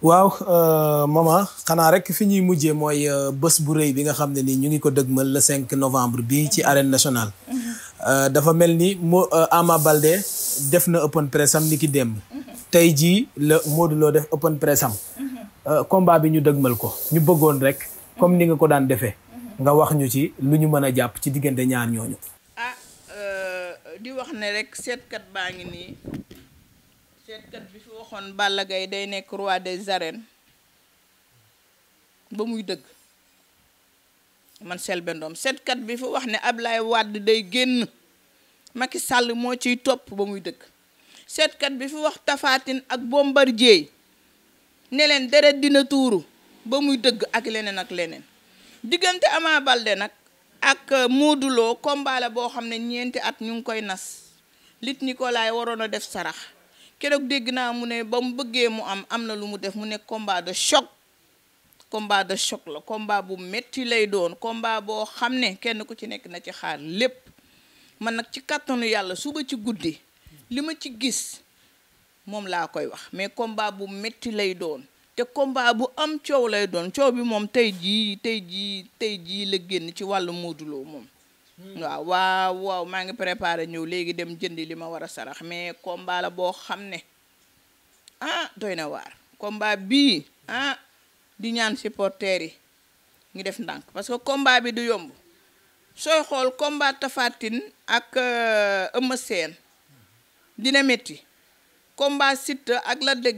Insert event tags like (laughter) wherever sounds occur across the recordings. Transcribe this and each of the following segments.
waaw euh, maman xanaa rek fi ñuy mujjee mooy euh, bés bu rëy bi nga xam ne ni ñu ngi ko dëgmal la 5 novembre bi ci arène nationale. Euh, dafa mel ni moo Ama Balde def na open press am ni ki dem tey jii la Modou Lo def open press am. combat bi ñu dëgmal ko ñu bëggoon rek comme ni nga ko daan defee. nga wax ñu ci lu ñu mën a jàpp ci diggante ñaar ñooñu. Ah, di wax ne rek seetkat baa ngi nii. seetkat bi fi waxoon Balla gay day nekk roi des arènes ba muy dëgg man selbendoom seetkat bi fi wax ne Ablaye Wade day génn Macky sàll moo ciy topp ba muy dëgg seetkat bi fi wax tafaatin ak Bombardier ne leen deret dina tuuru ba muy dëgg ak leneen ak leneen diggante Ama Baldé nag ak Modou Lo boo xam ne ñeenti at ñu ngi koy nas lit Nicolaay waroon a def sarax keroog dégg naa mu ne ba mu bëggee mu am am na lu mu def mu ne combat de choc combat de choc la combat bu metti lay doon combat boo xam ne kenn ku ci nekk na ci xaar lépp man nag ci kàttanu yàlla suba ci guddi li ma ci gis moom laa koy wax mais combat bu metti lay doon te combat bu am coow lay doon coow bi moom tey jii tey jii tey jii la génn ci wàll Modou Lo moom Mm. waaw waaw waaw maa ngi préparé ñëw léegi dem jëndi li ma war a sarax mais combat la boo xam ne ah doy na waar combat bii ah di ñaan supporters yi ngi def ndànk parce que combat bi du yomb sooy xool combat Tapha ak euh, Eumeu Sène dina métti combat Siteu ak la de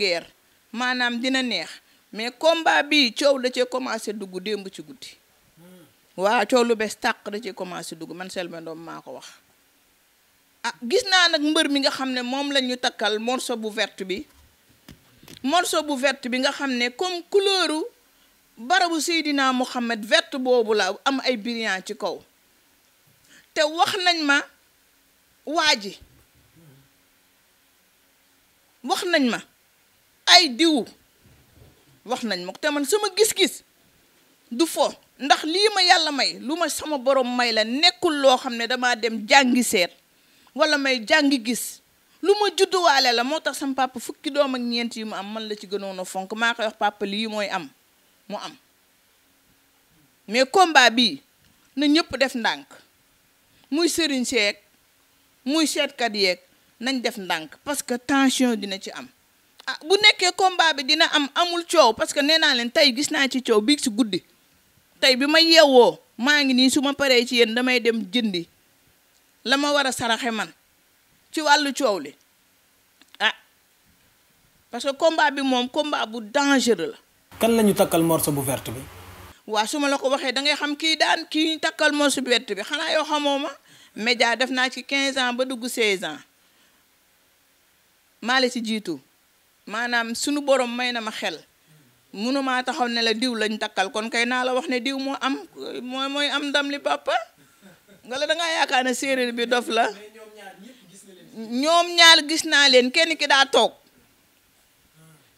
maanaam dina neex mais combat bii coow da cee commencé dugg démb ci guddi waa coow lu bees tàq da ci commencé dugg man Selbé Ndom maa ko wax a ah, gis naa nag mbër mi nga xam ne moom la ñu takkal morso bu vert bi morso bu vert bi nga xam ne comme couleuru barabu Seydina Mohamed vert boobu la am ay brillant ci kaw te wax nañ ma waa ji wax nañ ma ay diw wax nañ ma te man sama gis-gis du fo ndax lii ma yàlla may lu ma sama borom may la nekkul loo xam ne damaa dem jàngi seet wala may jàngi gis lu ma judduwaale la moo tax sama papa fukki doom ak ñeent yi mu am man la ci gënoon a fonk maa koy wax papa lii mooy am mu am mais combat bii na ñëpp def ndànk muy sëriñ seeg muy seetkat yeeg nañ def ndànk parce que tension dina ci am ah bu nekkee combat bi dina am amul coow parce que nee naa leen tey gis naa ci coow bii ci guddi tey bi ma yeewoo maa ngi nii su ma paree ci yéen damay dem jëndi la ma war a saraxe man ci wàllu coow li ah parce que combat bi moom combat bu dangereux la. kan lañu ñu takkal morceau bu verte bi. waa su ma la ko waxee da ngay xam kii daan kii ñu takkal morceau bu verte bi xanaa yoo xamoo ma média def naa ci 15 ans ba dugg 16 ans maa la ci jiitu maanaam sunu borom may na ma xel. mënumaa taxaw ne la diw lañ takkal kon kay naa la wax ne diw moo am moo mooy am ndam li papa nga la da yaakaar ne séeréer bi dof la ñoom ñaar gis naa leen kenn ki daa toog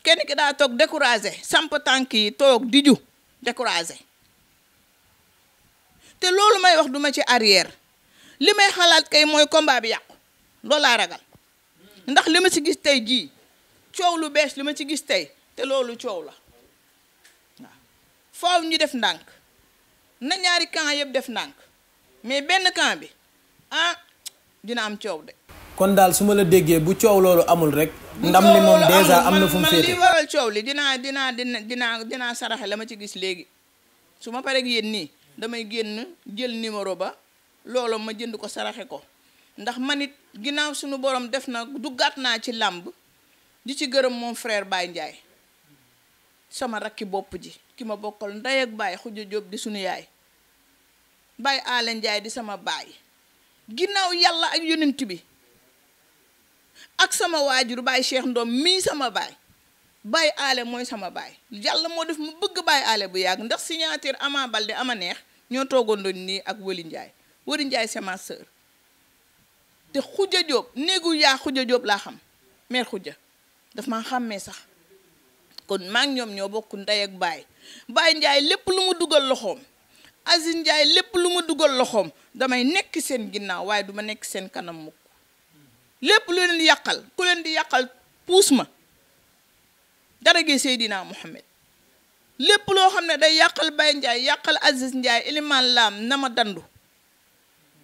kenn ki daa toog découragé samp tànk yi toog di ju découragé te loolu may wax duma ci arrière li may xalaat kay mooy combat bi yàqu loolu laa ragal ndax li ma ci gis tey jii coow lu bees li ma ci gis tey te loolu coow la faaw ñu def ndànk na ñaari camp yëpp def ndànk mais benn camp bi ah dina am coow de. kon daal su ma la déggee bu coow loolu amul rek. ndam li moom dèjà am na fu mu féete coow li dinaa dinaa dina dinaa dinaa saraxe la ma ci gis léegi su ma paree ak yéen nii damay génn jël numéro ba loolu ma jënd ko saraxe ko ndax ma it ginnaaw suñu borom def na duggaat naa ci làmb di ci gërëm moom freer baay Ndiaye sama rakki bopp ji. ki ma bokkal ndey ak baay xuj a jóob di sunu yaay baay aale njaay di sama baay ginnaaw yàlla ak yonent bi ak sama waajur baay cheikh ndoom mii sama baay baay ale mooy sama baay yàlla moo def ma bëgg baay aale bu yàgg ndax signature ama balde ama neex ñoo toogandoon nii ak wëli njaay wëli njaay c'est te xuj a jóob néegu yaa xuj a jóob laa xam mère xuja daf maa xàmmee sax kon maak ñoom ñoo bokk ndey ak baay baay njaay lépp lu mu dugal loxoom Aziz Ndiaye lépp lu mu dugal loxoom damay nekk seen ginnaaw waaye duma nekk seen kanam mukk lépp lu leen di yàqal ku leen di yàqal puus ma dara gee Seydina Mohamed lépp loo xam ne day yàqal Baye njaay yàqal Aziz Ndiaye Eliman Lam na ma dandu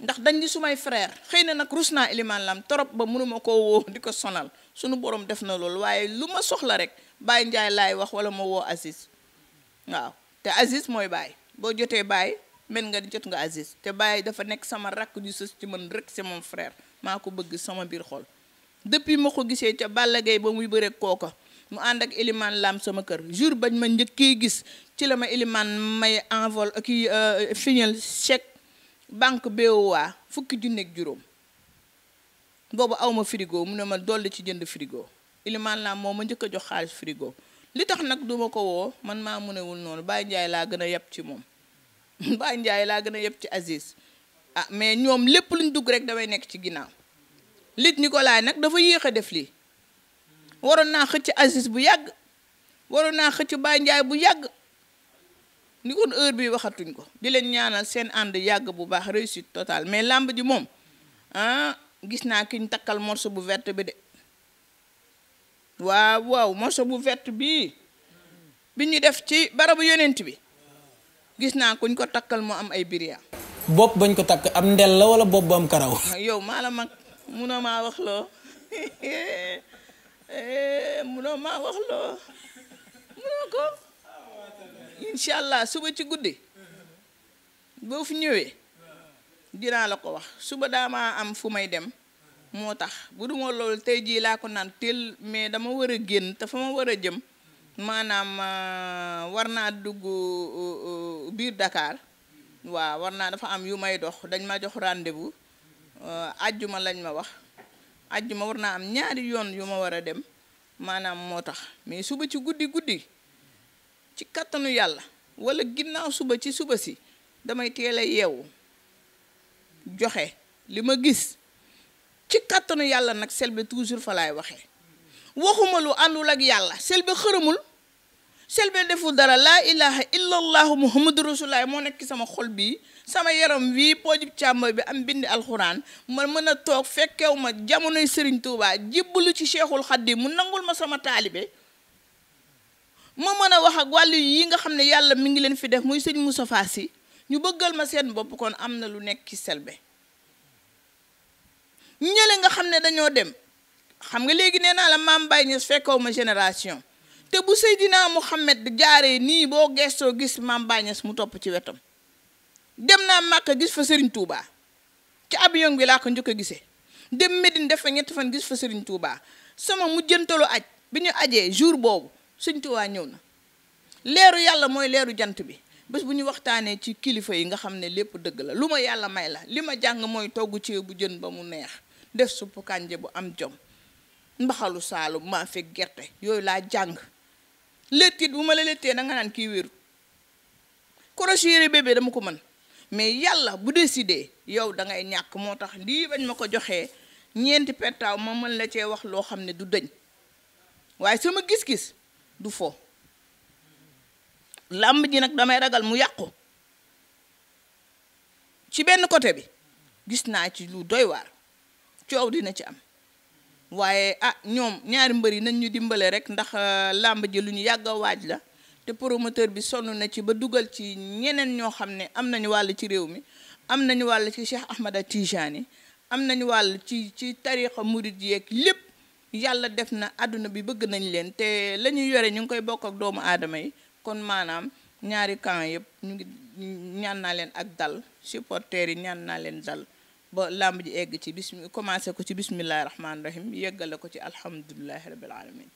ndax dañ di may frère xëy na nag rus naa Elimane Lam torop ba mënuma koo woo di ko sonal sunu borom def na loolu waaye lu ma soxla rek Baye Ndiaye laay wax wala ma woo Aziz waaw te Aziz mooy Baye boo jotee Baye mel nga jot nga Aziz te bàyyi dafa nekk sama rakk ju sës ci man rek c'est moom frère maa ko bëgg sama biir xol depuis ma ko gisee ca Balla Gaye ba muy bëre kooka mu ànd ak Elimane Lam sama kër jour bañ ma njëkkee gis ci la ma Elimane may envol kii euh, fiñal chèque banque waa fukki junneeg juróom boobu awma frigo mu ne ma dolli ci jënd frigo ilimaan laa moom ma njëkk a jox xaalis frigo li tax nag duma ko woo man maa munewul noonu Baye Ndiaye laa gën a yeb ci moom (laughs) Baye Ndiaye laa gën a yeb ci asis ah mais ñoom lépp luñ dugg rek damay nekk ci ginnaaw lit Nicolas nag dafa yéex a def lii waroon naa xëcc Aziz bu yàgg waroon naa xëcc Baye Ndiaye bu yàgg ni kon heure bi waxatuñ ko di leen ñaanal seen ànd yàgg bu baax réussite totale mais làmb ji moom ah gis naa kiñ takkal morceau bu verte bi de waaw bu verte bii bi ñu def ci barabu yonent bi gis naa kuñ ko takkal mu am ay biriyaa bopp bañ ko takk am ndel la wala bopp bu am karaw yow maa la mag munoo maa (laughs) eh, munoo maa wax loo munoo ko incha allah suba ci guddi boo fi ñëwee dinaa la ko wax suba daa maa am fu may dem moo tax bu duma loolu tey jii laa ko naan teel mais dama war a génn te ma war a jëm maanaam euh, war naa dugg euh, euh, biir dakaar waaw war naa dafa am yu may dox dañ ma jox rendez-vous ajjuma lañ ma wax ajjuma war naa am ñaari yoon yu ma war a dem maanaam moo tax mais suba ci guddi guddi ci kattanu yàlla walla ginnaaw suba ci suba si damay teel a yeewu joxe li ma gis ci kàttanu yàlla nag Selbé toujours fa laay waxee waxuma lu àndul ak yàlla Selbé xërëmul selbe deful dara laa ilaha illallahu muhammadu rasulaay moo nekk sama xol bii sama yaram wii poojub càmbar bi am bindi alxuraan ma mën a toog fekkew ma jamonoy Serigne Touba lu ci seexul Khadim mu nangul ma sama taalibe ma mën a wax ak wàllu yi nga xam ne yàlla mi ngi leen fi def muy sëñ Moustapha si ñu bëggal ma seen bopp kon am na lu nekk ci Selbé ñële nga xam ne dañoo dem xam nga léegi nee naa la maam Baye Niass fekkaw ma génération te bu Seydina Mouhamed jaaree nii boo gestoo gis maam Baye Niass mu topp ci wetam dem naa Màkka gis fa sëriñ Touba ci abiyon bi laa ko njëkk a gisee dem Medine def fa ñetti fan gis fa Serigne Touba sama mujjantalu aj bi ñu ajee jour boobu. sëñ Tuubaa ñëw na leeru yàlla mooy leeru jant bi bés bu ñu waxtaanee ci kilifa yi nga xam ne lépp dëgg la lu ma yàlla may la li ma jàng mooy togg ceebu bu jën ba mu neex def suppu kànje bu am jom mbaxalu saalum maa gerte yooyu laa jàng léttit bu ma la léttee nga naan kii wéru crochet dama ko mën mais yàlla bu décidé yow dangay ñàkk moo tax lii bañ ma ko joxee ñeenti pettaaw ma mën la cee wax loo xam ne du dëñ waaye sama gis-gis du fo làmb ji nag damay ragal mu yàqu ci benn côté bi gis naa ci lu doy waar coow dina ci am waaye a ah, ñoom ñaari mbër yi nañ ñu dimbale rek ndax euh, làmb ji lu ñu yàgg waaj la te promoteur bi sonn na ci ba dugal ci ñeneen ñoo xam ne am nañu wàll ci réew mi am nañu wàll ci Cheikh Ahmada Tijani am nañu wàll ci ci tariqa murid yeeg lépp yàlla def na àdduna bi bëgg nañ leen te la ñuy yore ñu ngi koy bokk ak doomu aadama yi kon maanaam ñaari camp yëpp ñu ngi ñaan naa leen ak dal supporters yi ñaan naa leen dal ba làmb ji egg ci bismi commencé ko ci bismillahi rahmaani rahim yeggale ko ci alhamdulilahi rabil alamin